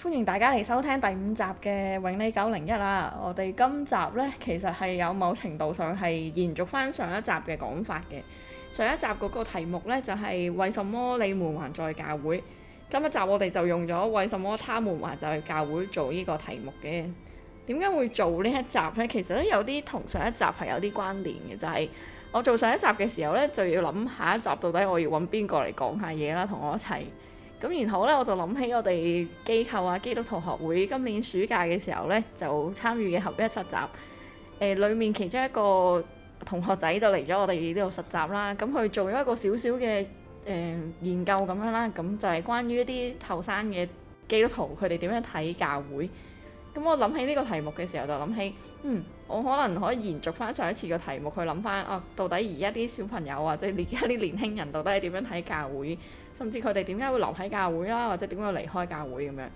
歡迎大家嚟收聽第五集嘅《永利九零一》啦。我哋今集呢，其實係有某程度上係延續翻上，上一集嘅講法嘅。上一集嗰個題目呢，就係、是、為什麼你們還在教會？今一集我哋就用咗為什麼他們還在教會做呢個題目嘅。點解會做呢一集呢？其實都有啲同上一集係有啲關聯嘅，就係、是、我做上一集嘅時候呢，就要諗下一集到底我要揾邊個嚟講下嘢啦，同我一齊。咁然後咧，我就諗起我哋機構啊，基督徒學會今年暑假嘅時候咧，就參與嘅合一實習。誒、呃，裡面其中一個同學仔就嚟咗我哋呢度實習啦，咁、呃、佢做咗一個小小嘅誒、呃、研究咁樣啦，咁、呃、就係、是、關於一啲後生嘅基督徒佢哋點樣睇教會。咁我諗起呢個題目嘅時候，就諗起，嗯，我可能可以延續翻上一次嘅題目去諗翻，哦、啊，到底而家啲小朋友或者而家啲年輕人到底係點樣睇教會，甚至佢哋點解會留喺教會啦，或者點解離開教會咁樣。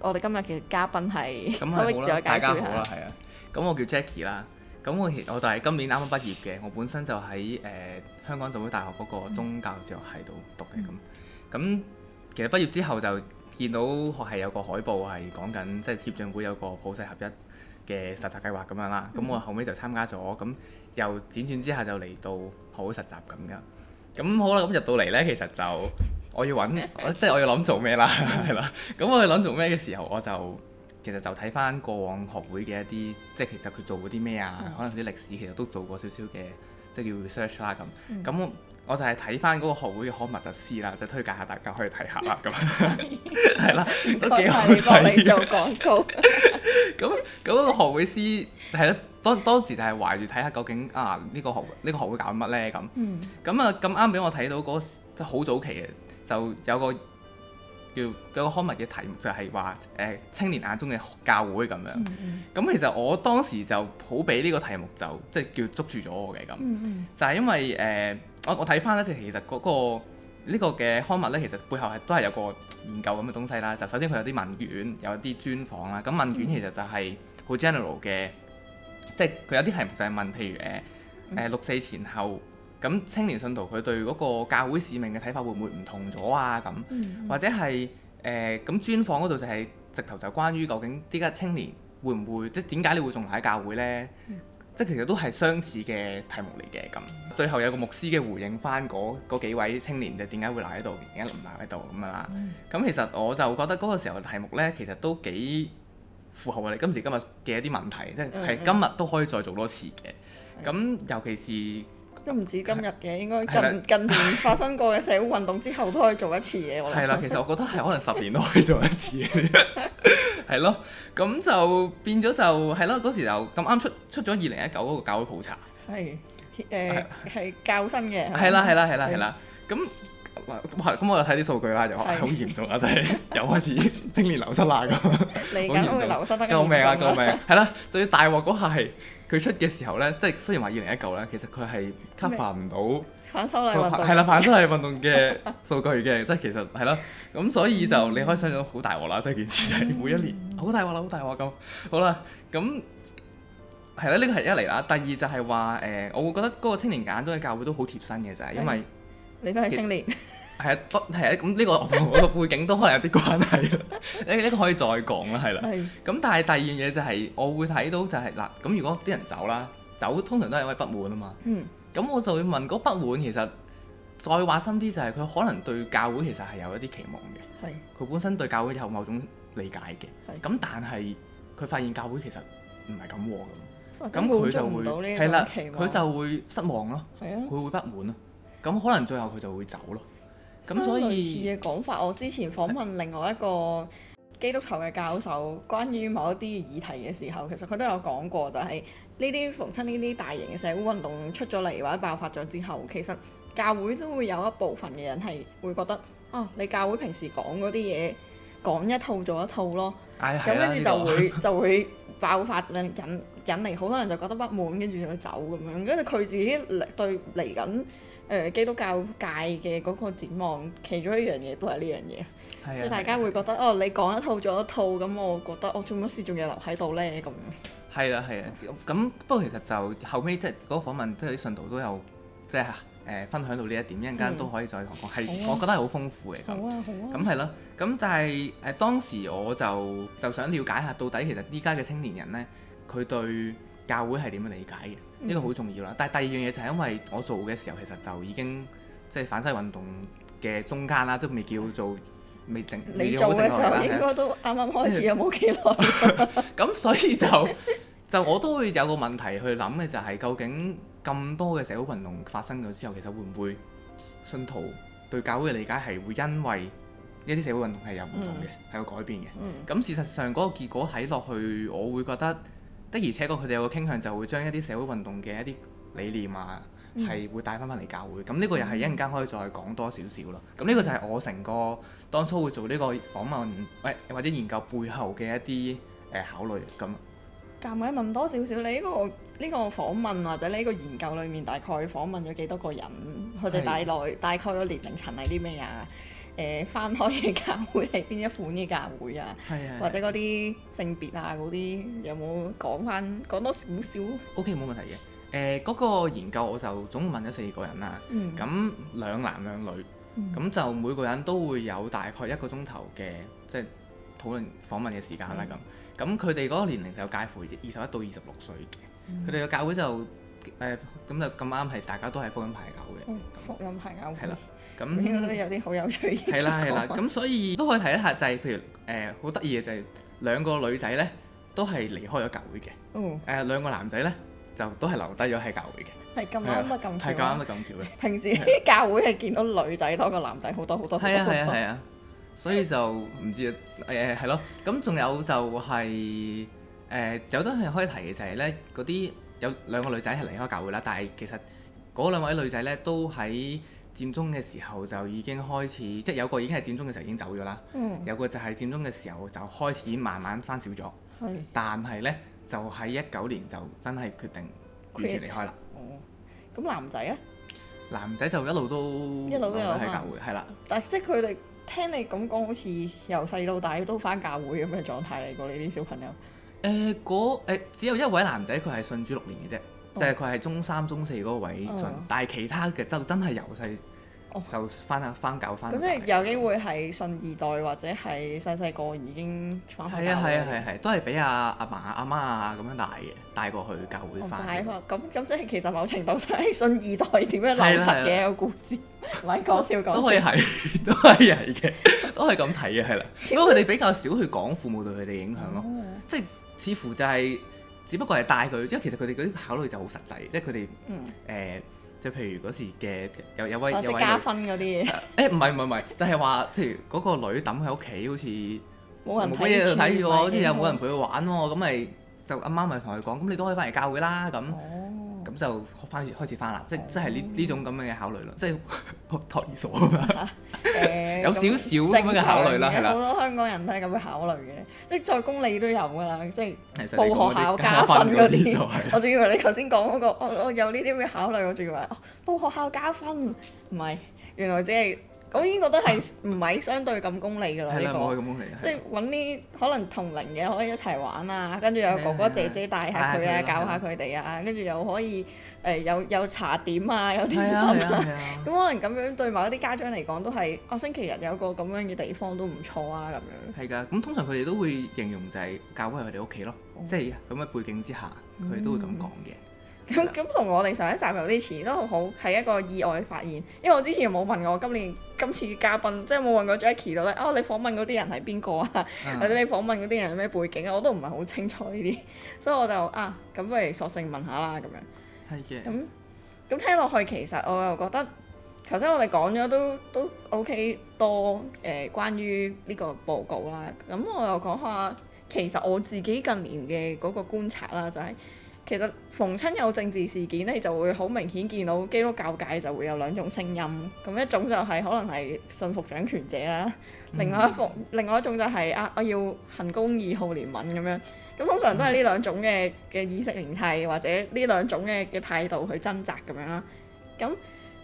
我哋今日嘅嘉賓係，可唔可以自我介紹？咁好好啦，係啊。咁我叫 Jacky 啦，咁我其實我就係今年啱啱畢業嘅，我本身就喺誒、呃、香港浸會大學嗰個宗教哲學系度讀嘅咁。咁、嗯、其實畢業之後就，見到學系有個海報係講緊，即係協進會有個普世合一嘅實習計劃咁樣啦。咁、嗯、我後尾就參加咗，咁又輾轉之下就嚟到學會實習咁㗎。咁好啦，咁入到嚟呢，其實就我要揾，即係 我，就是、我要諗做咩啦，係 啦。咁我諗做咩嘅時候，我就其實就睇翻過往學會嘅一啲，即、就、係、是、其實佢做過啲咩啊？嗯、可能啲歷史其實都做過少少嘅，即係叫 research 啦咁。我就係睇翻嗰個學會嘅刊物就試啦，就是、推介下大家去睇下啦咁樣，係啦，都幾好睇。安排你，幫你做廣告。咁咁嗰個學會師係啦，當當時就係懷住睇下究竟啊呢、呢個學呢、呢個學會搞乜咧咁。咁啊咁啱俾我睇到嗰好、嗰個、早期嘅就有個叫嗰個刊物嘅題目就係話誒青年眼中嘅教會咁樣。咁、嗯嗯嗯、其實我當時就好俾呢個題目就即係叫捉住咗我嘅咁，就係、是就是、因為誒。嗯嗯我我睇返咧，就其實嗰個呢個嘅刊物咧，其實背後係都係有個研究咁嘅東西啦。就首先佢有啲問卷，有啲專訪啦。咁問卷其實就係好 general 嘅，嗯、即係佢有啲題目就係問，譬如誒誒、呃、六四前後，咁青年信徒佢對嗰個教會使命嘅睇法會唔會唔同咗啊？咁、嗯嗯、或者係誒咁專訪嗰度就係直頭就係關於究竟依家青年會唔會即係點解你會仲留喺教會咧？嗯即係其實都係相似嘅題目嚟嘅，咁，最後有個牧師嘅回應翻嗰幾位青年就點解會留喺度，點解唔留喺度咁樣啦？咁、嗯、其實我就覺得嗰個時候題目呢，其實都幾符合我哋今時今日嘅一啲問題，即係今日都可以再做多次嘅。咁、嗯嗯、尤其是。都唔止今日嘅，應該近吧近年發生過嘅社會運動之後都可以做一次嘢。我係啦的， 其實我覺得係可能十年都可以做一次嘅，係咯。 咁就變咗就係咯，嗰時就咁啱出出咗二零一九嗰個教會普查，係誒係教新嘅。係啦係啦係啦係啦，咁的。的咁、嗯、我睇啲數據啦的、哎，就話好嚴重啊，真係又開始青年流失啦咁，好 離間 嚴重，嚴重救命啊，救命、啊！係 啦，仲要大鑊嗰下係佢出嘅時候咧，即係雖然話二零一九咧，其實佢係 cover 唔到反修例運動啦，反修例運動嘅數據嘅，即係其實係啦，咁所以就你可以想象到好大鑊啦，即係 件事就係每一年好大鑊啦，好大鑊咁。好啦，咁係啦，呢個係一嚟啦，第二就係話誒，我會覺得嗰個青年眼中嘅教會都好貼身嘅就係因為。你都係青年。係啊，不係啊，咁呢個我個背景都可能有啲關係呢，呢個可以再講啦，係啦。咁但係第二樣嘢就係，我會睇到就係嗱，咁如果啲人走啦，走通常都係因為不滿啊嘛。嗯。咁我就會問嗰不滿其實，再話深啲就係佢可能對教會其實係有一啲期望嘅。係。佢本身對教會有某種理解嘅。咁但係佢發現教會其實唔係咁喎咁，佢就會係啦，佢就會失望咯。佢會不滿咯。咁可能最後佢就會走咯。咁所，所以類似嘅講法，我之前訪問另外一個基督徒嘅教授，關於某一啲議題嘅時候，其實佢都有講過、就係，就係呢啲逢親呢啲大型嘅社會運動出咗嚟或者爆發咗之後，其實教會都會有一部分嘅人係會覺得啊，你教會平時講嗰啲嘢講一套做一套咯。咁跟住就會、這個、就會爆發，引引嚟好多人就覺得不滿，跟住就走咁樣。跟住佢自己嚟對嚟緊。誒、呃、基督教界嘅嗰個展望，其中一樣嘢都係呢樣嘢，啊、即係大家會覺得，啊、哦，你講一套做一套，咁我覺得我做乜事仲要留喺度咧咁。係啦係啦，咁、啊啊啊、不過其實就後尾，即係嗰，那個訪問，即係啲信徒都有即係誒分享到呢一點，一陣間都可以再同我講係，我覺得係好豐富嘅咁。哇係咯，咁但係誒、呃呃、當時我就就想了解下，到底其實依家嘅青年人咧，佢對教會係點樣理解嘅？呢、嗯、個好重要啦，但係第二樣嘢就係因為我做嘅時候其實就已經即係、就是、反西運動嘅中間啦，都未叫做未整未好正路啦。你做嘅時候應該都啱啱開始、就是，有冇幾耐。咁 所以就 就我都會有個問題去諗嘅就係、是、究竟咁多嘅社會運動發生咗之後，其實會唔會信徒對教會嘅理解係會因為一啲社會運動係有唔同嘅，係會、嗯、改變嘅。咁、嗯嗯、事實上嗰個結果睇落去，我會覺得。的而且確，佢哋有個傾向，就會將一啲社會運動嘅一啲理念啊，係會帶翻翻嚟教會。咁呢、嗯、個又係一陣間可以再講多少少咯。咁呢個就係我成個當初會做呢個訪問，喂、哎、或者研究背後嘅一啲誒、呃、考慮咁。咁我問多少少你呢、呢個呢、呢個訪問或者呢個研究裏面大概訪問咗幾多個人？佢哋大內大概個的年齡層係啲咩啊？誒、呃、翻開嘅教會係邊一款嘅教會啊？係啊的。或者嗰啲性別啊，嗰啲有冇講翻，講多少少？O.K. 冇問題嘅。誒、呃、嗰、那個研究我就總共問咗四個人啦。咁、嗯、兩男兩女，咁、嗯、就每個人都會有大概一個鐘頭嘅即係討論訪問嘅時間啦。咁，咁佢哋嗰個年齡就介乎二十一到二十六歲嘅。佢哋嘅教會就誒咁、呃、就咁啱係大家都係福音派教嘅。福音派教會。啦、嗯。咁應該都有啲好有趣嘅，係啦係啦，咁所以都可以睇一下就係，譬如誒好得意嘅就係兩個女仔咧都係離開咗教會嘅，誒兩個男仔咧就都係留低咗喺教會嘅，係咁啱啊咁巧嘅，係咁啱啊咁巧嘅。平時啲教會係見到女仔多過男仔好多好多，係啊係啊係啊，所以就唔知誒係咯，咁仲有就係誒有啲係可以提嘅就係咧嗰啲有兩個女仔係離開教會啦，但係其實嗰兩位女仔咧都喺。佔中嘅時候就已經開始，即係有個已經係佔中嘅時候已經走咗啦。嗯。有個就係佔中嘅時候就開始慢慢翻少咗。係。但係咧，就喺一九年就真係決定完全離開啦。哦。咁男仔咧？男仔就一路都一路都有翻教會，係啦。但即係佢哋聽你咁講，好似由細到大都翻教會咁嘅狀態嚟過，呢啲小朋友。誒、呃，嗰、嗰個欸、只有一位男仔佢係信主六年嘅啫。即係佢係中三中四嗰位信，嗯、但係其他嘅就真係由細就翻下翻教翻。咁、哦、即係有機會係信二代或者係細細個已經翻翻，係啊係啊係係，都係俾阿阿爸阿媽啊咁樣帶嘅，帶過去教會翻。咁咁、哦就是、即係其實某程度上係信二代點樣流傳嘅一個故事，唔係講笑講。都可以係，都可以係嘅，都可以咁睇嘅係啦。因為佢哋比較少去講父母對佢哋影響咯， 即係似乎就係、是。只不過係帶佢，因為其實佢哋嗰啲考慮就好實際，即係佢哋誒，就譬如嗰時嘅有有位有加分嗰啲，誒唔係唔係唔係，欸、 就係話，譬如嗰、嗰個女抌喺屋企，好似冇人睇住，冇乜嘢睇住喎，好似又冇人陪佢玩喎、啊，咁咪、嗯、就阿媽咪同佢講，咁、嗯、你都可以翻嚟教嘅啦，咁。嗯就翻開始翻啦，即即係呢呢種咁樣嘅考慮咯，即係託兒所咁樣，有少少咁樣嘅考慮啦，係啦。好多香港人都係咁去考慮嘅，即係再功利都有㗎啦，即係報學校加分嗰啲。 我仲以為你頭先講嗰個，我有呢啲咩考慮，我仲以為報、啊、學校加分，唔係，原來即係。我已經覺得係唔係相對咁功利㗎啦，呢 這個即係揾啲可能同齡嘅可以一齊玩啊，跟住有哥，哥哥姐姐帶下佢啊，教下佢哋啊，跟住又可以誒有有茶點啊，有點心啊，咁可能咁樣對某一啲家長嚟講都係，啊星期日有個咁樣嘅地方都唔錯啊咁樣。係㗎，咁通常佢哋都會形容就係教開佢哋屋企咯，即係咁嘅背景之下，佢哋都會咁講嘅。咁咁同我哋上一集有啲似，都好係一個意外發現。因為我之前冇問過我今年今次嘅嘉賓，即係冇問過 Jacky 到底，哦、啊、你訪問嗰啲人係邊個啊？Uh huh. 或者你訪問嗰啲人係咩背景啊？我都唔係好清楚呢啲，所以我就啊咁，咪索性問下啦咁樣。係嘅 Yeah.。咁咁聽落去其實我又覺得，頭先我哋講咗都都 OK 多誒、呃，關於呢個報告啦。咁我又講下，其實我自己近年嘅嗰個觀察啦，就係、是。其實逢親有政治事件咧，就會好明顯見到基督教界就會有兩種聲音，咁一種就係可能係信服掌權者啦，另外一逢另外一種就係啊我要行公義好憐憫咁樣，咁通常都係呢兩種嘅嘅意識形態或者呢兩種嘅嘅態度去掙扎咁樣啦。咁誒、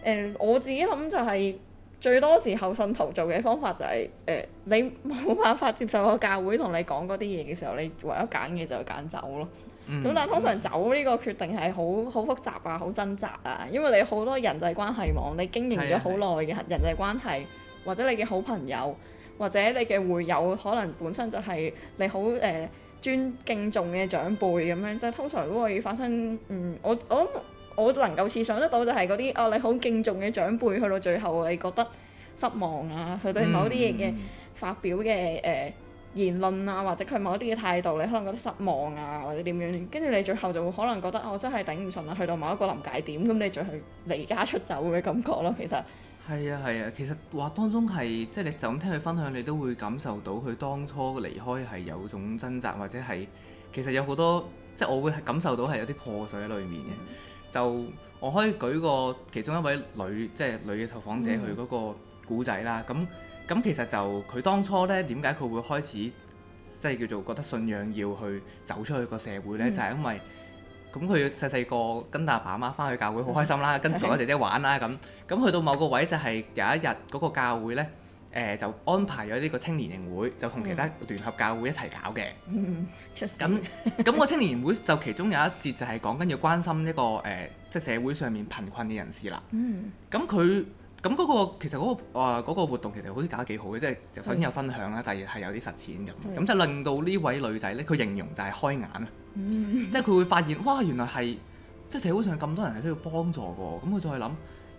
呃、我自己諗就係、是。最多時候信徒做嘅方法就係、是，誒、呃，你冇辦法接受個教會同你講嗰啲嘢嘅時候，你唯一揀嘅就係揀走咯。咁、嗯、但係通常走呢個決定係好好複雜啊，好掙扎啊，因為你好多人際關係網，你經營咗好耐嘅人際關係，或者你嘅好朋友，或者你嘅會友，可能本身就係你好誒尊敬重嘅長輩咁樣，即係通常都會發生，嗯，我我。我諗我能夠試想得到就係嗰啲哦，你好敬重嘅長輩去到最後，你覺得失望啊，佢對某啲嘢嘅發表嘅誒言論啊，嗯呃嗯、或者佢某啲嘅態度，你可能覺得失望啊，或者點樣？跟住你最後就會可能覺得、啊、我真係頂唔順啦，去到某一個臨界點，咁你就係離家出走嘅感覺咯，其實、 啊。係啊係啊，其實話當中係即係你就咁聽佢分享，你都會感受到佢當初離開係有種掙扎，或者係其實有好多即係、就是、我會感受到係有啲破碎喺裡面嘅。就我可以舉個其中一位女，即、就、係、是、女嘅受訪者佢嗰個故仔啦。咁咁、嗯、其實就佢當初咧，點解佢會開始即係、就是、叫做覺得信仰要去走出去個社會咧？嗯、就係因為咁佢細細個跟大阿爸阿媽返去教會好開心啦，嗯、跟住哥哥姐姐玩啦咁。咁、嗯、去到某個位就係有一日嗰個教會咧。誒、呃、就安排咗呢個青年營會，就同其他聯合教會一齊搞嘅。嗯。咁咁、那個青年營會就其中有一節就係講緊要關心呢個誒、呃，即係社會上面貧困嘅人士啦。嗯。咁佢咁嗰個其實嗰、那個啊、呃那個、活動其實好似搞得幾好嘅，即、就、係、是、首先有分享啦，第二係有啲實踐咁，咁對就令到呢位女仔咧，佢形容就係開眼啊，嗯、即係佢會發現哇，原來係即係社會上咁多人係需要幫助嘅，咁佢再去諗。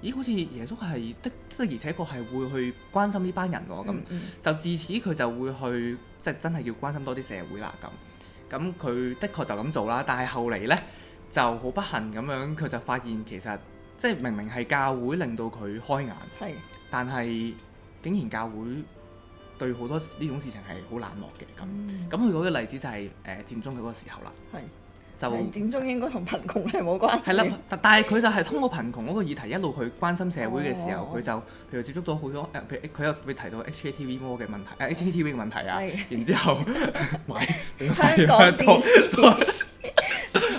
咦，好似耶穌係的，即而且確係會去關心呢班人喎，咁、嗯嗯、就自此佢就會去，即、就、係、是、真係要關心多啲社會啦，咁咁佢的確就咁做啦，但係後嚟呢，就好不幸咁樣，佢就發現其實即係明明係教會令到佢開眼，是但係竟然教會對好多呢種事情係好冷漠嘅，咁咁佢嗰個例子就係、是、誒、呃、佔中佢嗰個時候啦。零點鐘應該同貧窮係冇關係。係啦，但係佢就係通過貧窮嗰個議題一路去關心社會嘅時候，佢、哦、就譬如接觸到好多誒，佢又會提到 HKTV mall 嘅問題，誒、呃、HKTV 嘅問題啊。是然之後買點解多？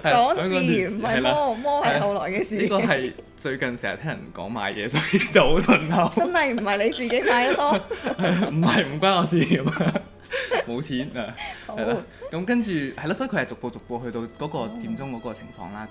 香港電視唔係 mall，mall 係後來嘅事。呢、這個係最近成日聽人講買嘢，所以就好順口。 真係唔係你自己買得多？唔係，唔關我事 冇 錢啊，係啦，咁跟住係啦，所以佢係逐步逐步去到嗰個佔中嗰個情況啦，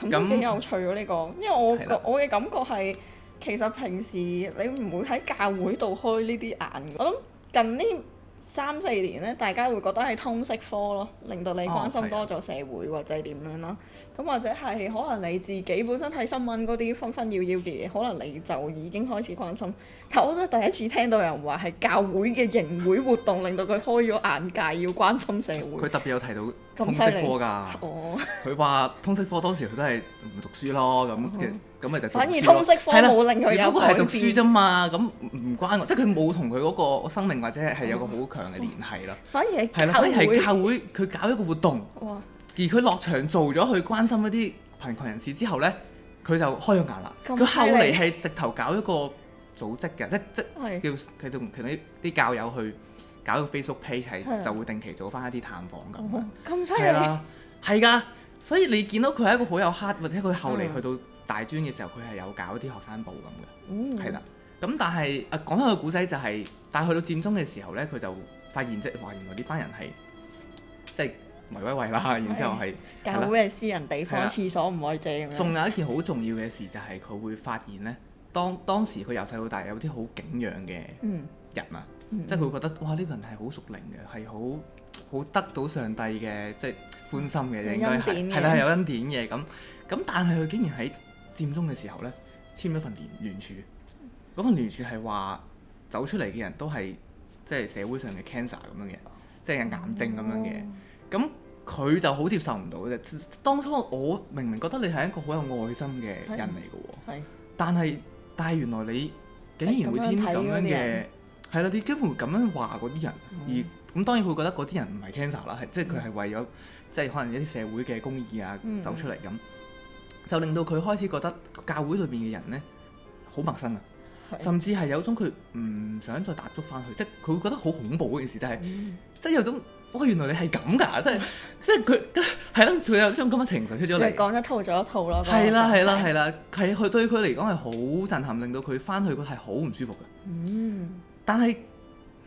咁咁幾有趣喎呢個。因為我了我嘅感覺係，其實平時你唔會喺教會度開呢啲眼，我諗近呢。三四年咧，大家會覺得係通識科咯，令到你關心多咗社會、哦、或者點樣啦。咁或者係可能你自己本身睇新聞嗰啲紛紛要要嘅嘢，可能你就已經開始關心。但我都係第一次聽到人話係教會嘅營會活動 令到佢開咗眼界，要關心社會。佢特別有提到。通識科㗎，佢話、oh. 通識科當時佢都係唔讀書咯，咁咁咪就，就反而通識科冇令佢有改變。如果係讀書啫嘛，咁唔關我，即係佢冇同佢嗰個生命或者係有個好強嘅聯繫咯、oh. oh.。反而係反而係教會佢搞一個活動，oh. Oh. 而佢落場做咗去關心一啲貧窮人士之後咧，佢就開咗眼啦。佢後嚟係直頭搞一個組織嘅，即即叫佢同其他啲教友去。Oh. Oh. Oh. Oh. Oh. Oh. 搞個 Facebook page 係的就會定期做翻一啲探訪咁樣，咁犀利，係㗎，所以你見到佢係一個好有 heart，或者佢後嚟去到大專嘅時候，佢係的有搞一啲學生報咁嘅，係啦、嗯，咁但係啊講返個古仔就係、是，但係去到佔中嘅時候呢，佢就發現即係話原來呢班人係即係畏威畏啦，然之後係教會嘅私人地方的廁所唔愛借，仲的有一件好重要嘅事就係佢會發現呢，當當,當時佢由細到大有啲好景仰嘅人啊。嗯嗯嗯、即係佢覺得，哇！呢、呢個人係好屬靈嘅，係好好得到上帝嘅即係歡心嘅，嗯、應該係係啦，係有恩典嘅咁。咁但係佢竟然喺佔中嘅時候呢，簽咗份聯聯署，嗰份聯署係話走出嚟嘅人都係即係社會上嘅 cancer 咁樣嘅，嗯、即係癌症咁樣嘅。咁佢、嗯、就好接受唔到啫。當初我明明覺得你係一個好有愛心嘅人嚟嘅喎，但係但係原來你竟然會簽咁樣嘅樣樣。係啦，你根本咁樣話嗰啲人，嗯、而咁當然佢覺得嗰啲人唔係 cancer 啦，係、嗯、即係佢係為咗，即係可能一啲社會嘅公義啊、嗯、走出嚟咁，嗯、就令到佢開始覺得教會裏邊嘅人咧好陌生啊，是甚至係有種佢唔想再踏足翻去，即係佢會覺得好恐怖嗰件事、嗯、就係即係有種哇、哎、原來你係咁㗎，嗯、即係即係佢係啦，佢有種咁嘅情緒出咗嚟，講一套做一套咯，係啦係啦係啦，係佢對佢嚟講係好震撼，令到佢翻去係好唔舒服嘅。嗯。但係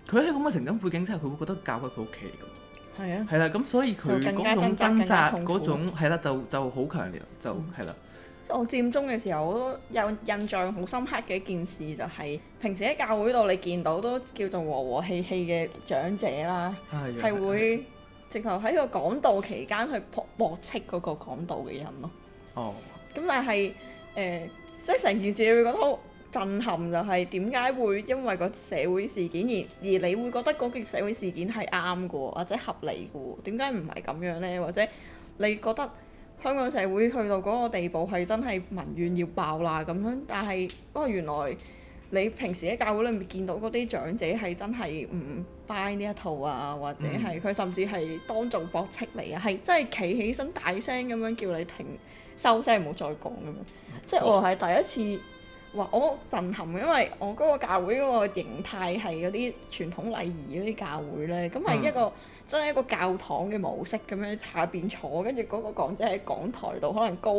佢喺咁嘅成長背景之下，佢會覺得教喺佢屋企咁，係啊，係啦、啊，咁所以佢嗰種掙扎嗰種係啦、啊，就就好強烈，就係啦。即係、嗯啊、我佔中嘅時候，我都有印象好深刻嘅一件事，就係、是、平時喺教會度你見到都叫做和和氣氣嘅長者啦，係、啊、會直頭喺個講道期間去駁駁斥嗰個講道嘅人咯。哦、嗯。咁但係誒，即係成件事你會覺得好震撼，就係點解會因為個社會事件而而你會覺得嗰個社會事件係啱嘅或者合理嘅喎？點解唔係咁樣呢？或者你覺得香港社會去到嗰個地步係真係民怨要爆啦咁樣？但係不過原來你平時喺教會裡面見到嗰啲長者係真係唔 buy 呢一套啊，或者係佢甚至係當眾駁斥你啊，係、嗯、真係企起身大聲咁樣叫你停，收聲，唔好再講咁樣。嗯、即係我係第一次。哇，我震撼嘅，因為我嗰個教會嗰個形態係嗰啲傳統禮儀嗰啲教會咧，咁係一個、嗯、真係一個教堂嘅模式咁樣下邊坐，跟住嗰個講者喺講台度，可能高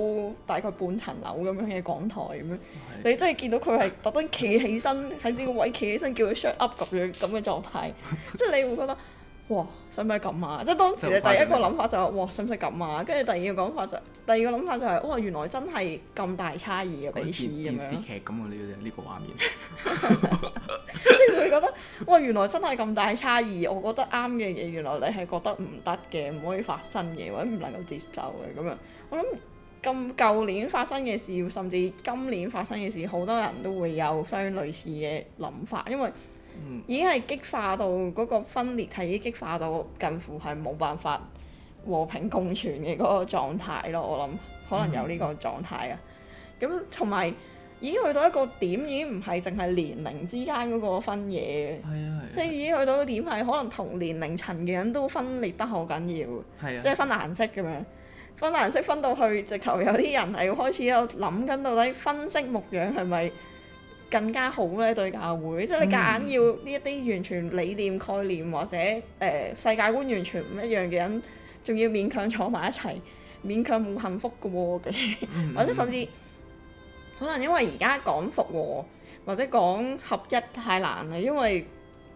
大概半層樓咁樣嘅講台咁樣，的你真係見到佢係特登企起身喺 自己個位企起身叫佢 shut up 咁樣咁嘅狀態，即係你會覺得。哇，使唔使咁啊？即當時你第一個諗法就係、是、哇，使唔使咁啊？跟住第二個講法就是，第二個諗法就係、是、哇，原來真係咁大差異嘅彼此咁樣。電視劇咁啊，呢個呢個畫面。 這樣 即會覺得哇，原來真係咁大差異，我覺得啱嘅嘢，原來你係覺得唔得嘅，唔可以發生嘅，或者唔能夠接受嘅咁樣。我諗咁舊年發生嘅事，甚至今年發生嘅事，好多人都會有相類似嘅諗法，因為，已經係激化到嗰個分裂係已經激化到近乎係冇辦法和平共存嘅嗰個狀態咯，我諗可能有呢個狀態啊。咁同埋已經去到一個點，已經唔係淨係年齡之間嗰個分野，即、啊啊、以已經去到個點係可能同年齡層嘅人都分裂得好緊要，啊、即係分顏色咁樣，分顏色分到去直頭有啲人係要開始有諗緊到底分色牧養係咪？更加好咧，對教會，即係你夾硬要呢一啲完全理念概念、嗯、或者誒、呃、世界觀完全唔一樣嘅人，仲要勉強坐埋一齊，勉強冇幸福嘅喎嘅，嗯、或者甚至、嗯嗯、可能因為而家講復和或者講合一太難啦，因為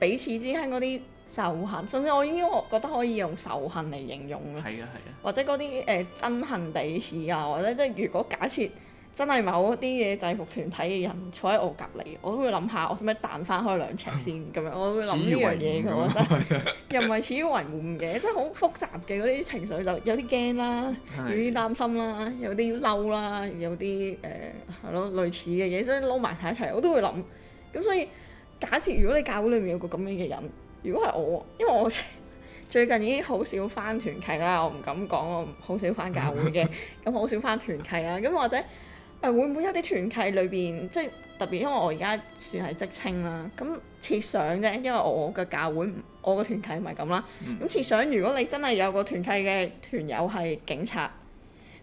彼此之間嗰啲仇恨，甚至我已經覺得可以用仇恨嚟形容啦。係啊係啊或、呃。或者嗰啲誒憎恨彼此啊，或者即係如果假設，真係某啲嘅制服團體嘅人坐喺我隔離，我都會諗下，我使唔使彈翻開兩尺先咁樣？ 我都會諗呢樣嘢，佢我 真係又唔係始於為悶嘅，真係好複雜嘅嗰啲情緒，就有啲驚啦，有啲擔心啦，有啲嬲啦，有啲誒係咯類似嘅嘢，所以撈埋曬一齊，我都會諗。咁所以假設如果你教會裡面有個咁樣嘅人，如果係我，因為我最近已經好少翻團契啦，我唔敢講我好少翻教會嘅，咁好 少翻團契啦，咁或者。誒、啊、會唔會有啲團契裏邊，即係特別因，因為我而家算係職稱啦。咁設想啫，因為我我嘅教會，我嘅團契唔係咁啦。咁、嗯、設想，如果你真係有個團契嘅團友係警察，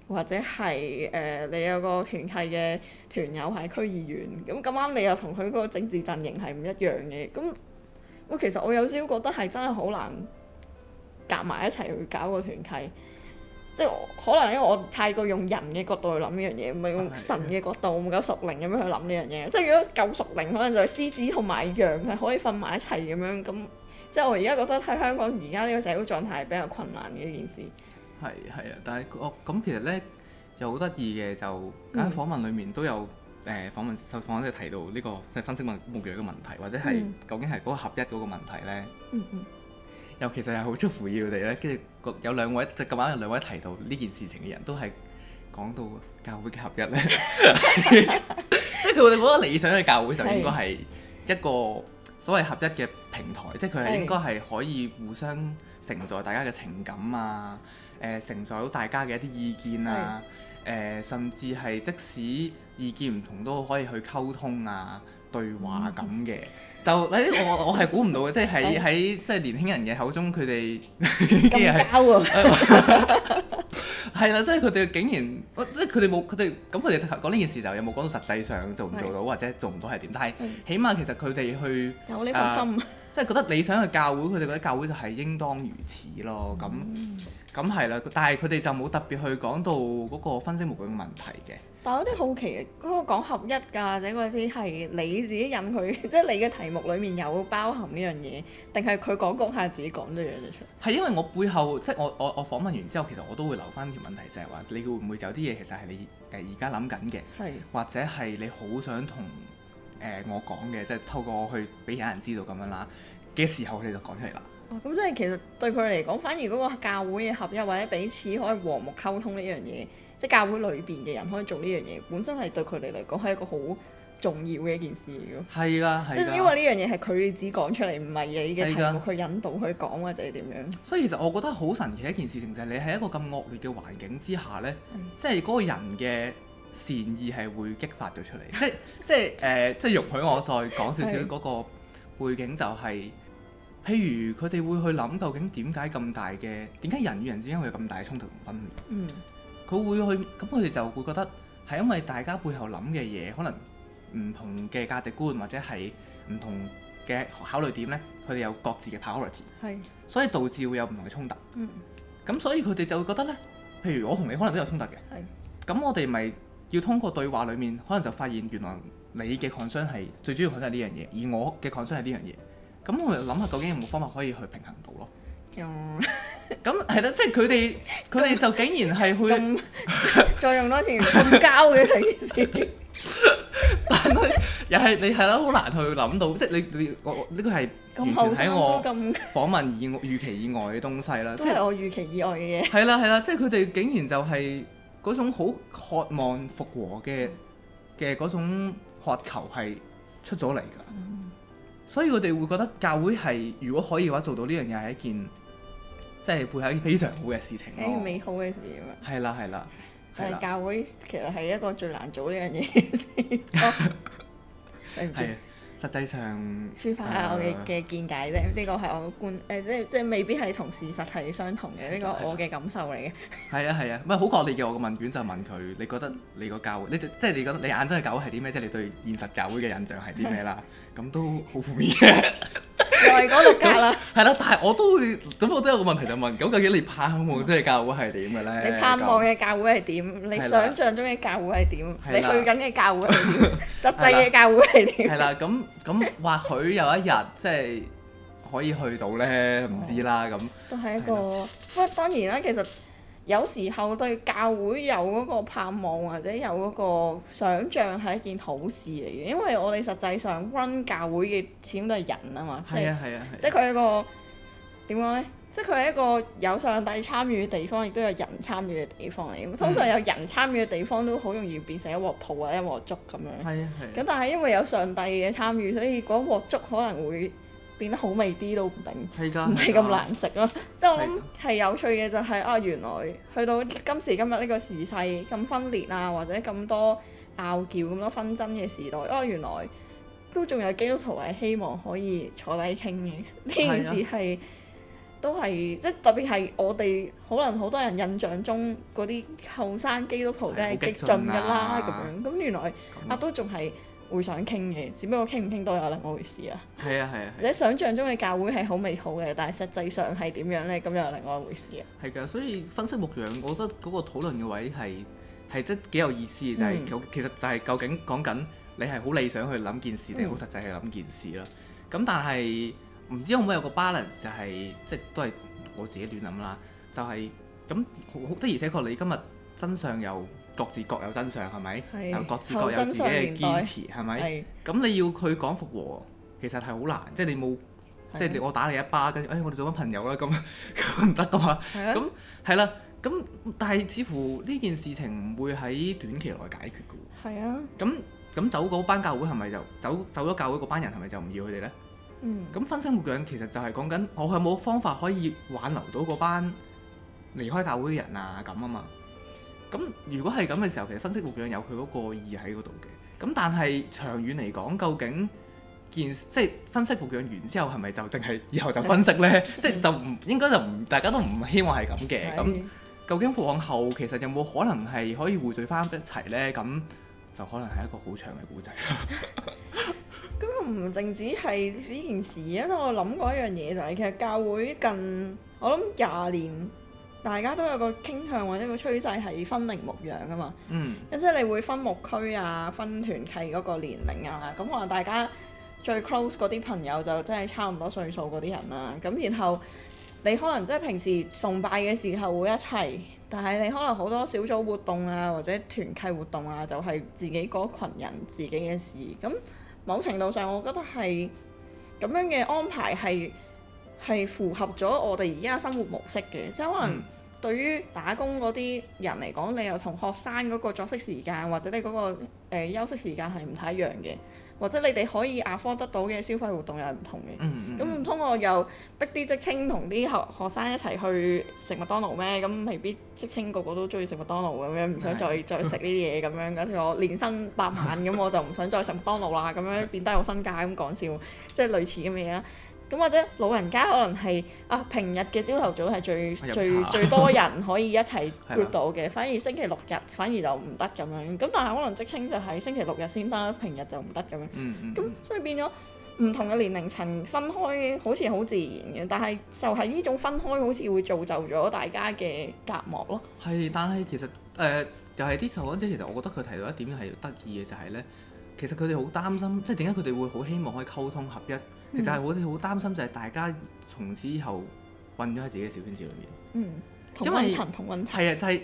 或者係誒、呃、你有個團契嘅團友係區議員，咁咁啱你又同佢個政治陣營係唔一樣嘅，咁我其實我有少少覺得係真係好難夾埋一齊去搞個團契。即係可能因為我太過用人嘅角度去諗呢樣嘢，唔係用神嘅角度，唔、嗯、夠熟靈咁樣去諗呢樣嘢。即係如果夠熟靈，可能就係獅子同埋羊係可以瞓埋一齊咁樣。咁即係我而家覺得喺香港而家呢個社會狀態係比較困難嘅一件事。係係啊，但係哦，咁其實咧就好得意嘅就喺訪問裡面都有誒、嗯呃、訪問受訪者提到呢個即係分析問木魚嘅問題，或者係、嗯、究竟係嗰個合一嗰個問題呢嗯。嗯又其實係好祝福於我哋咧，跟住個有兩位，就咁啱有兩位提到呢件事情嘅人都係講到教會嘅合一咧， 即係佢哋覺得理想嘅教會就應該係一個所謂合一嘅平台，的即係佢係應該係可以互相承載大家嘅情感啊，誒、呃、承載到大家嘅一啲意見啊，誒的、呃、甚至係即使意見唔同都可以去溝通啊。對話咁嘅、嗯，就嗱我我係估唔到嘅，即係喺喺即係年輕人嘅口中，佢哋咁膠喎，係 啦是，即係佢哋竟然，即係佢哋冇佢哋，咁佢哋講呢件事就有冇講到實際上做唔做到，是或者做唔到係點？但係起碼其實佢哋去有呢份心，即係、嗯啊就是、覺得理想嘅教會，佢哋覺得教會就係應當如此咯。咁咁係啦，但係佢哋就冇特別去講到嗰個分析目標嘅問題嘅。但係我有啲好奇，嗰、嗰個講合一㗎，或者嗰啲係你自己任佢，即係你嘅題目裡面有包含呢樣嘢，定係佢講講下自己講咗嘢就出嚟？係因為我背後，即係我我我訪問完之後，其實我都會留翻條問題，就係、是、話你會唔會有啲嘢其實係你誒而家諗緊嘅，是或者係你好想同誒我講嘅，即係透過去俾其他人知道咁樣啦嘅時候，你就講出嚟啦。哦，咁即係其實對佢嚟講，反而嗰個教會嘅合一或者彼此可以和睦溝通呢樣嘢。即教會裏邊嘅人可以做呢樣嘢，本身係對佢哋嚟講係一個好重要嘅一件事嚟嘅。係㗎，係㗎。即因為呢樣嘢係佢哋自己講出嚟，唔係你嘅題目去的引導佢講或者點樣。所以其實我覺得好神奇一件事情就係你喺一個咁惡劣嘅環境之下呢，嗯、即係嗰個人嘅善意係會激發咗出嚟。即係即係誒，即係容許我再講少少嗰、嗯、個背景、就是，就係譬如佢哋會去諗究竟點解咁大嘅，點解人與人之間會有咁大嘅衝突同分裂。嗯。佢會去，咁佢哋就會覺得係因為大家背後諗嘅嘢，可能唔同嘅價值觀或者係唔同嘅考慮點呢，佢哋有各自嘅 priority，是所以導致會有唔同嘅衝突。嗯。咁所以佢哋就會覺得呢，譬如我同你可能都有衝突嘅，係是。咁我哋咪要通過對話裡面，可能就發現原來你嘅 concern 係最主要 concern 係呢樣嘢，而我嘅 concern 係呢樣嘢。咁我哋就諗下究竟有冇方法可以去平衡到咯？嗯 咁係啦，即係佢哋佢哋就竟然係去再用多次咁膠嘅成件事，又係 你係啦，好難去諗到，即係你你呢個係咁好睇，我，我訪問以預期以外嘅東西啦，即係我預期以外嘅嘢、嗯。係啦係啦，即係佢哋竟然就係嗰種好渴望復和嘅嘅嗰種渴求係出咗嚟㗎，所以佢哋會覺得教會係如果可以嘅話做到呢樣嘢係一件。即係配合一件非常好嘅事情咯，美好嘅事嘛。係啦係啦，但係教會其實係一個最難做呢樣嘢嘅事。對唔住，實際上抒發下我嘅嘅見解啫，呢個係我嘅觀，誒即即未必係同事實係相同嘅，呢個我嘅感受嚟嘅。係啊係啊，唔係好合理嘅。我個問卷就問佢：你覺得你個教會，你即係你覺得你眼中嘅教會係啲咩？即係你對現實教會嘅印象係啲咩啦？咁都好負面就係講六格啦。係啦， 但係我都會，咁 我都有個問題就問，咁究竟你盼望即係教會係點嘅咧？你盼望嘅教會係點？了你想像中嘅教會係點？了你去緊嘅教會係點？了實際嘅教會係點？係啦，咁咁，或許有一日即係可以去到咧，唔知啦咁。哦、那都係一個，不過了當然啦，其實。有時候對教會有嗰個盼望或者有嗰個想像係一件好事嚟嘅，因為我哋實際上 run 教會嘅始終都係人啊嘛，啊啊啊即係佢一個點講咧，即係佢係一個有上帝參與嘅地方，亦都有人參與嘅地方嚟。通常有人參與嘅地方都好容易變成一鑊泡或者一鑊粥咁樣。係啊係。咁、啊、但係因為有上帝嘅參與，所以嗰鑊粥可能會變得好味啲都唔定，唔係咁難食咯。即係的 我諗係有趣嘅就係、是、的啊，原來去到今時今日呢個時勢咁分裂啊，或者咁多拗撬、咁多紛爭嘅時代，啊原來都仲有基督徒係希望可以坐低傾嘅。呢件的事係都係即係特別係我哋可能好多人印象中嗰啲後生基督徒都係激進㗎啦咁樣，咁原來啊都仲係。樣 會想傾嘅，只不過傾唔傾都有另外回事啊。係啊係啊。你、啊啊、想象中嘅教會係好美好嘅，但係實際上係點樣呢？咁又另外一回事啊。係噶，所以分析牧養，我覺得嗰個討論嘅位係係真幾有意思，就係、是嗯、其實就係究竟講緊你係好理想去諗件事定好實際去諗件事啦。咁、嗯、但係唔知可唔可以有，有個 balance，就係即係都係我自己亂諗啦。就係、是、咁、就是，的而且確你今日真相有。各自各有真相係咪？係。是各自各有自己嘅堅持係咪？係。咁是你要佢講復和，其實係好難，即係你冇，啊、即係我打你一巴，跟住，哎，我哋做翻朋友啦，咁唔得㗎嘛。係。咁係啦，咁但係似乎呢件事情唔會喺短期內解決㗎喎。係啊。咁咁走嗰班教會係咪就走，走咗教會嗰班人係咪就唔要佢哋呢？嗯。咁分身活腳，其實就係講緊我係冇方法可以挽留到嗰班離開教會嘅人啊咁啊嘛。咁、嗯、如果係咁嘅時候，其實分析互養有佢嗰個意義喺嗰度嘅。咁但係長遠嚟講，究竟件即係分析互養完之後，係咪就淨係以後就分析呢？的即係就唔應該就唔大家都唔希望係咁嘅。咁的、嗯、究竟往後其實有冇可能係可以匯聚翻一齊呢？咁就可能係一個好長嘅故仔啦。咁唔淨止係呢件事啊！因為我諗過一樣嘢就係、是，其實教會近我諗廿年。大家都有個傾向或者個趨勢係分齡牧養啊嘛，咁、嗯、即係你會分牧區啊，分團契嗰個年齡啊，咁可能大家最 close 嗰啲朋友就真係差唔多歲數嗰啲人啦、啊，咁然後你可能即係平時崇拜嘅時候會一齊，但係你可能好多小組活動啊或者團契活動啊就係、是、自己嗰群人自己嘅事，咁某程度上我覺得係咁樣嘅安排係，係符合咗我哋而家生活模式嘅，即係可能對於打工嗰啲人嚟講，嗯、你又同學生嗰個作息時間或者你嗰個休息時間係唔太一樣嘅，或者你哋、那個呃、可以 afford 得到嘅消費活動又係唔同嘅。咁唔通我又逼啲職青同啲學學生一齊去食麥當勞咩？咁未必職青個個都中意食麥當勞咁 樣，唔想再再食呢啲嘢咁樣。假設我年薪百萬，咁 我就唔想再食麥當勞啦，咁樣變低我身價咁講笑，即係類似咁嘅嘢啦。咁或者老人家可能係啊，平日嘅朝頭早係最茶最最多人可以一齊 group 到嘅， 的反而星期六日反而就唔得咁樣。咁但係可能職青就喺星期六日先得，平日就唔得咁樣。嗯，嗯嗯。咁所以變咗唔同嘅年齡層分開好似好自然嘅，但係就係呢種分開好似會造就咗大家嘅隔膜咯。係，但係其實誒、呃、又係啲受訪者其實我覺得佢提到一點係得意嘅就係、是、咧。其實佢哋好擔心，即係點解佢哋會好希望可以溝通合一？嗯、其實係我哋好擔心，就係大家從此以後混咗喺自己嘅小圈子裡面，嗯、同溫層因為係啊，就係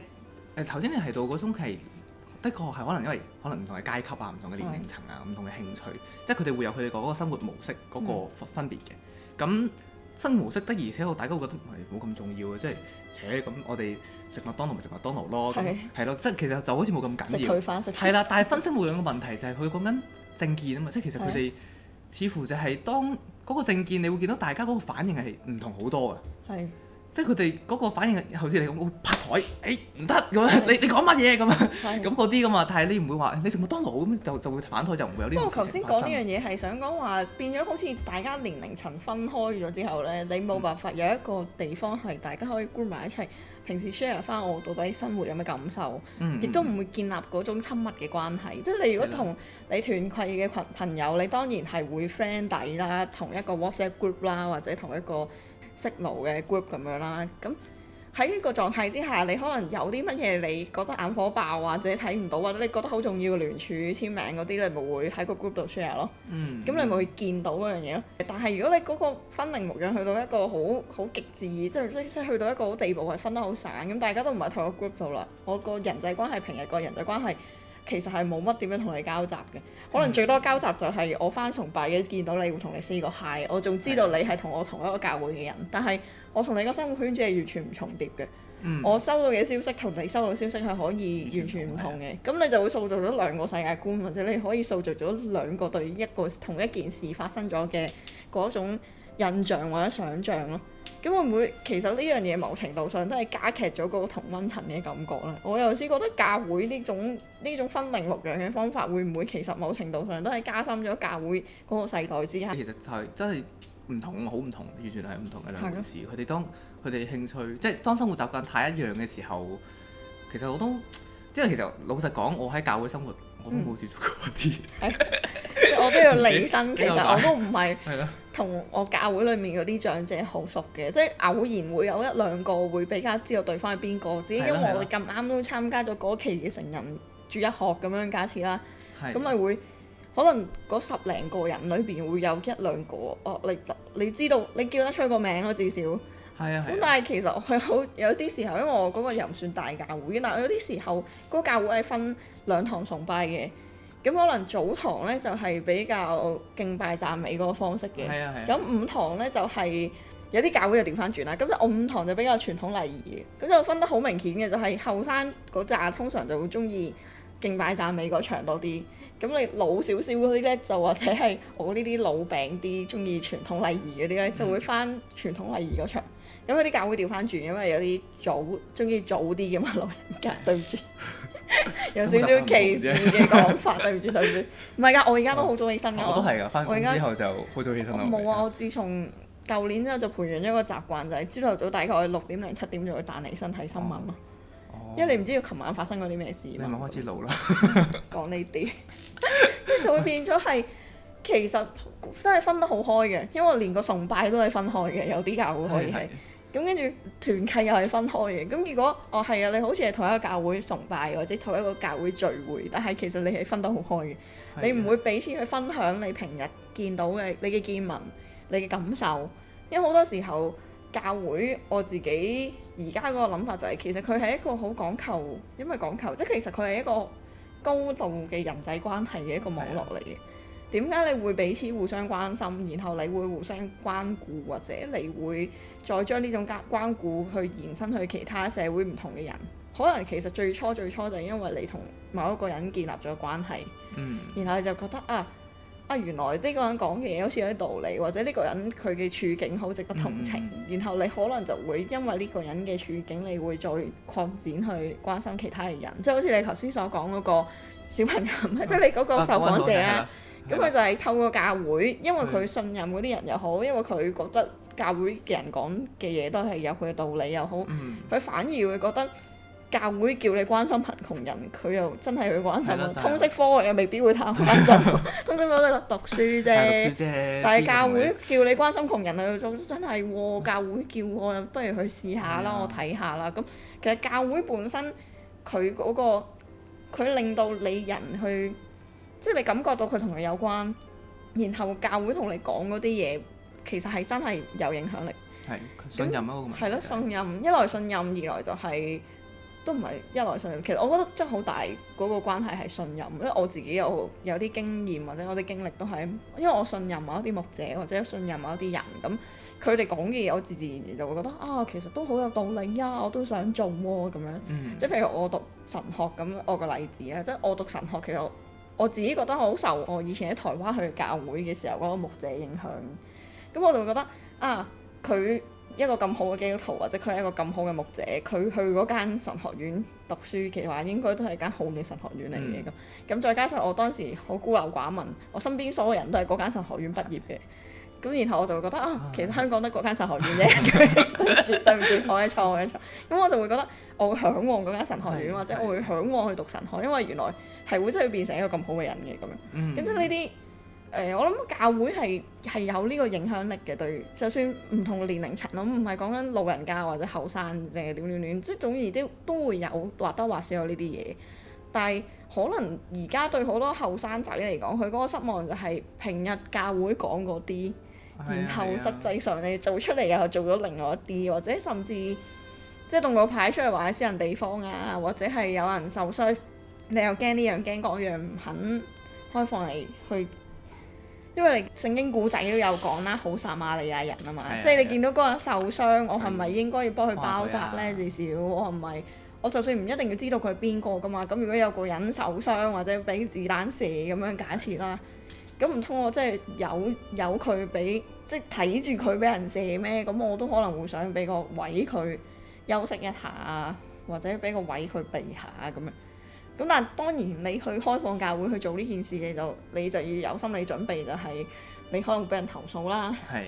誒頭先你提到嗰種係，的確係可能因為可能唔同嘅階級啊、唔同嘅年齡層啊、唔、嗯、同嘅興趣，即係佢哋會有佢哋個嗰個生活模式嗰個分分別嘅。咁、嗯生模式得，而且我大家會覺得唔係冇咁重要嘅，即係，扯、欸、咁我哋食麥當勞咪食麥當勞咯，係咯的，即其實就好似冇咁緊要。係啦，但係分析冇兩個問題，就係佢講緊政見啊嘛，即係其實佢哋的似乎就係當嗰個政見，你會見到大家嗰個反應係唔同好多嘅。即係佢哋嗰個反應，好似你咁會拍台，誒唔得咁樣，是的 你你講乜嘢咁啊？咁嗰啲咁啊，但係你唔會話的你食麥當勞咁就就會反台就唔會，會有呢啲。不過我頭先講呢樣嘢係想講話變咗好似大家年齡層分開咗之後咧，你冇辦法有一個地方係、嗯、大家可以 group 埋一齊，平時 share 返我到底生活有咩感受，亦、嗯、都唔會建立嗰種親密嘅關係。嗯嗯、即係你如果同你團契嘅羣朋友，你當然係會 friend 底啦，同一個 WhatsApp group 啦，或者同一個。識奴嘅 group 咁樣啦，咁喺呢個狀態之下，你可能有啲乜嘢你覺得眼火爆或者睇唔到或者你覺得好重要嘅聯署簽名嗰啲，你咪會喺個 group 度 share 咯？嗯，咁你咪會見到嗰樣嘢咯。但係如果你嗰個分齡模樣去到一個好好極致，即係即即係去到一個好地步係分得好散，咁大家都唔係同一個 group 度啦，我個人際關係平日個人際關係。其實係冇乜點樣同你交集嘅，可能最多交集就係我返崇拜嘅見到你會同你 say 個 hi，我仲知道你係同我同一個教會嘅人，的但係我同你個生活圈子係完全唔重疊嘅。嗯、我收到嘅消息同你收到嘅消息係可以完全唔同嘅，咁、嗯、你就會塑造咗兩個世界觀，或者你可以塑造咗兩個對一個同一件事發生咗嘅嗰種印象或者想像咯。咁會唔會其實呢樣嘢某程度上都係加劇咗嗰個同溫層嘅感覺呢？我有時覺得教會呢種呢種分零六樣嘅方法會唔會其實某程度上都係加深咗教會嗰個世代之下？其實係真係唔同，好唔同，完全係唔同嘅兩回事。佢哋的當佢哋興趣即係當生活習慣太一樣嘅時候，其實我都。因為其實老實講，我喺教會生活、嗯、我都冇接觸過嗰啲，我都要理身。其實我都唔係同我教會裏面嗰啲長者好熟嘅，的即係偶然會有一兩個會比較知道對方係邊個，只因為我哋咁啱都參加咗嗰期嘅成人主日學咁樣假設啦，咁咪的會可能嗰十零個人裏邊會有一兩個，哦，你你知道你叫得出個名咯至少。係啊，咁但係其實我係好，有啲時候，因為我嗰個又唔算大教會，但係有啲時候嗰個教會係分兩堂崇拜嘅。咁可能早堂咧就係、是、比較敬拜讚美嗰個方式嘅，咁、啊啊、午堂咧就係、是、有啲教會就調翻轉啦，咁咧我午堂就比較傳統禮儀嘅，咁就分得好明顯嘅就係後生嗰扎通常就會中意。敬拜讚美嗰場多啲，咁你老少少嗰啲咧，就或者係我呢啲老餅啲，中意傳統禮儀嗰啲咧，就會返傳統禮儀嗰場。咁嗰啲教會調翻轉，因為有啲早，中意早啲嘅嘛老人家。 對唔不住， 有少少歧視嘅講法， 對唔住 對唔住。唔係㗎，我而家都好早起身㗎、哦。我都係㗎，翻工之後就好早起身啦。冇、哦、啊，我自從舊年之後就培養咗一個習慣，就係朝頭早大概六點零七點就會彈起身睇新聞啊。嗯因為你唔知道琴晚發生過啲咩事。你係咪開始老啦？ 講呢這啲，即 就會變咗係 其實真係分得好開嘅，因為連個崇拜都係分開嘅，有啲教會可以係。咁跟住團契又係分開嘅，咁如果哦係啊，你好似係同一個教會崇拜，或者同一個教會聚會，但係其實你係分得好開嘅，的你唔會彼此去分享你平日見到嘅你嘅見聞、你嘅感受。因為好多時候教會我自己。而家嗰個諗法就係、是，其實佢係一個好講求，因為講求，即其實佢係一個高度嘅人際關係嘅一個網絡嚟嘅。點解 Yeah. 你會彼此互相關心，然後你會互相關顧，或者你會再將呢種關關顧去延伸去其他社會唔同嘅人？可能其實最初最初就係因為你同某一個人建立咗關係，嗯，mm. 然後你就覺得啊。啊，原來呢個人講嘅嘢好似有啲道理，或者呢個人佢嘅處境好值得同情，嗯、然後你可能就會因為呢個人嘅處境，你會再擴展去關心其他嘅人，即係好似你頭先所講嗰個小朋友咪，啊、即係你嗰個受訪者啊，咁佢、啊、就係透過教會，因為佢信任嗰啲人又好，啊、因為佢覺得教會嘅人講嘅嘢都係有佢嘅道理又好，佢、嗯、反而會覺得。教會叫你關心貧窮人，佢又真係去關心、就係、通識科又未必會太關心， 通識科都係讀書啫。 讀書但係教會叫你關心窮人啊， 就真係喎、哦！教會叫，我，不如去試下啦，嗯、我睇下啦。咁其實教會本身佢嗰、嗰個，佢令到你人去，即係你感覺到佢同你有關，然後教會同你講嗰啲嘢，其實係真係有影響力。係信任啊，咁咯那，信任，一來信任，二來就係、係。都唔係一來信任，其實我覺得真係好大嗰個關係係信任，因為我自己有有啲經驗或者我啲經歷都係，因為我信任某一啲牧者或者信任某一啲人，咁佢哋講嘅嘢我自自然然就會覺得啊，其實都好有道理啊，我都想做喎、啊、咁樣。嗯。即係譬如我讀神學咁，我個例子啊，即係我讀神學其實我自己覺得好受我以前喺台灣去教會嘅時候嗰個牧者影響，咁我就會覺得啊，佢。一個咁好嘅基督徒，或者佢係一個咁好嘅牧者，佢去嗰間神學院讀書，其實應該都係間好嘅神學院嚟嘅。咁咁、嗯、再加上我當時好孤陋寡聞，我身邊所有人都係嗰間神學院畢業嘅。咁然後我就會覺得啊，其實香港得嗰間神學院啫，對唔住 對唔住， 我嘅錯，我嘅錯。咁我， 我就會覺得我會嚮往嗰間神學院，或者我會嚮往去讀神學，因為原來係會真係變成一個咁好嘅人嘅咁樣。咁即係呢啲～誒，我諗教會係係有呢個影響力嘅，對，就算唔同年齡層咯，唔係講緊老人家或者後生啫，即係，點點點，即係總之啲都會有，或多或少有呢啲嘢。但係可能而家對好多後生仔嚟講，佢嗰個失望就係平日教會講嗰啲，啊、然後實際上你做出嚟又做咗另外一啲，或者甚至即係動個牌出嚟話喺私人地方啊，或者係有人受傷，你又驚呢樣驚嗰樣，唔肯開放嚟去。因為你聖經古仔都有講啦，好撒瑪利亞人啊嘛， 即係你見到嗰個人受傷， 我係咪應該要幫佢包紮呢？至少 我係咪我就算唔一定要知道佢係邊個噶嘛，咁如果有個人受傷或者俾子彈射咁樣假設啦，咁唔通我真即係有有佢俾即係睇住佢俾人射咩？咁我都可能會想俾個位佢休息一下或者俾個位佢避下咁樣。咁但係當然你去開放教會去做呢件事嘅就你就要有心理準備就係、是、你可能會俾人投訴啦，是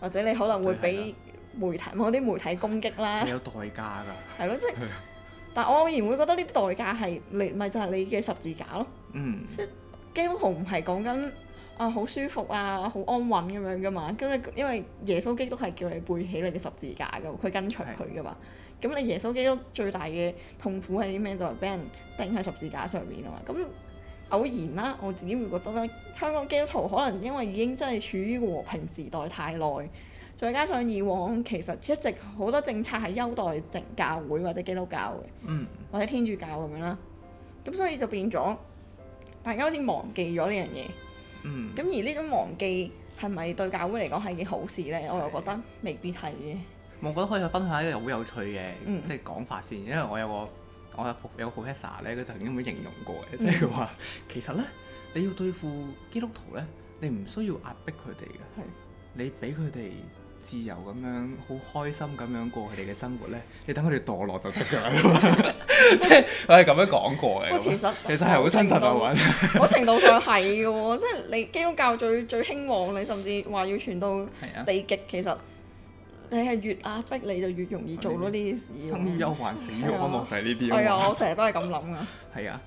或者你可能會俾媒體某啲對媒體攻擊啦，有代價㗎。係咯，即、就、係、是， 但係我偶然會覺得呢啲代價係、就是、你咪就係你嘅十字架咯。嗯。即係基督唔係講緊啊好舒服啊好安穩咁樣㗎嘛？因為因為耶穌基督係叫你背起你嘅十字架㗎，佢跟隨佢㗎嘛。咁你耶穌基督最大嘅痛苦係啲咩？就係、是、俾人釘喺十字架上面啊嘛。咁偶然啦，我自己會覺得香港基督徒可能因為已經真係處於和平時代太耐，再加上以往其實一直好多政策係優待緊教會或者基督教嘅，嗯、或者天主教咁樣啦。咁所以就變咗大家好似忘記咗呢樣嘢。咁、嗯、而呢種忘記係咪對教會嚟講係件好事咧？是我又覺得未必係。我覺得可以去分享一個好有趣嘅即係講法先，因為我有個我有有 professor 咧，佢曾經咁樣形容過嘅，即係話其實咧你要對付基督徒咧，你唔需要壓迫佢哋嘅，的你俾佢哋自由咁樣好開心咁樣過佢哋嘅生活咧，你等佢哋墮落就得㗎啦。即係我係咁樣講過嘅、嗯。其實其實係好真實嘅我真係。程度上係嘅喎，嗯、即係你基督教最最興旺，你甚至話要傳到地極，其實。你係越壓迫你就越容易做咯，呢啲事。生於憂患，死於安樂就係呢啲。係啊，我成日都係咁諗噶。係 啊。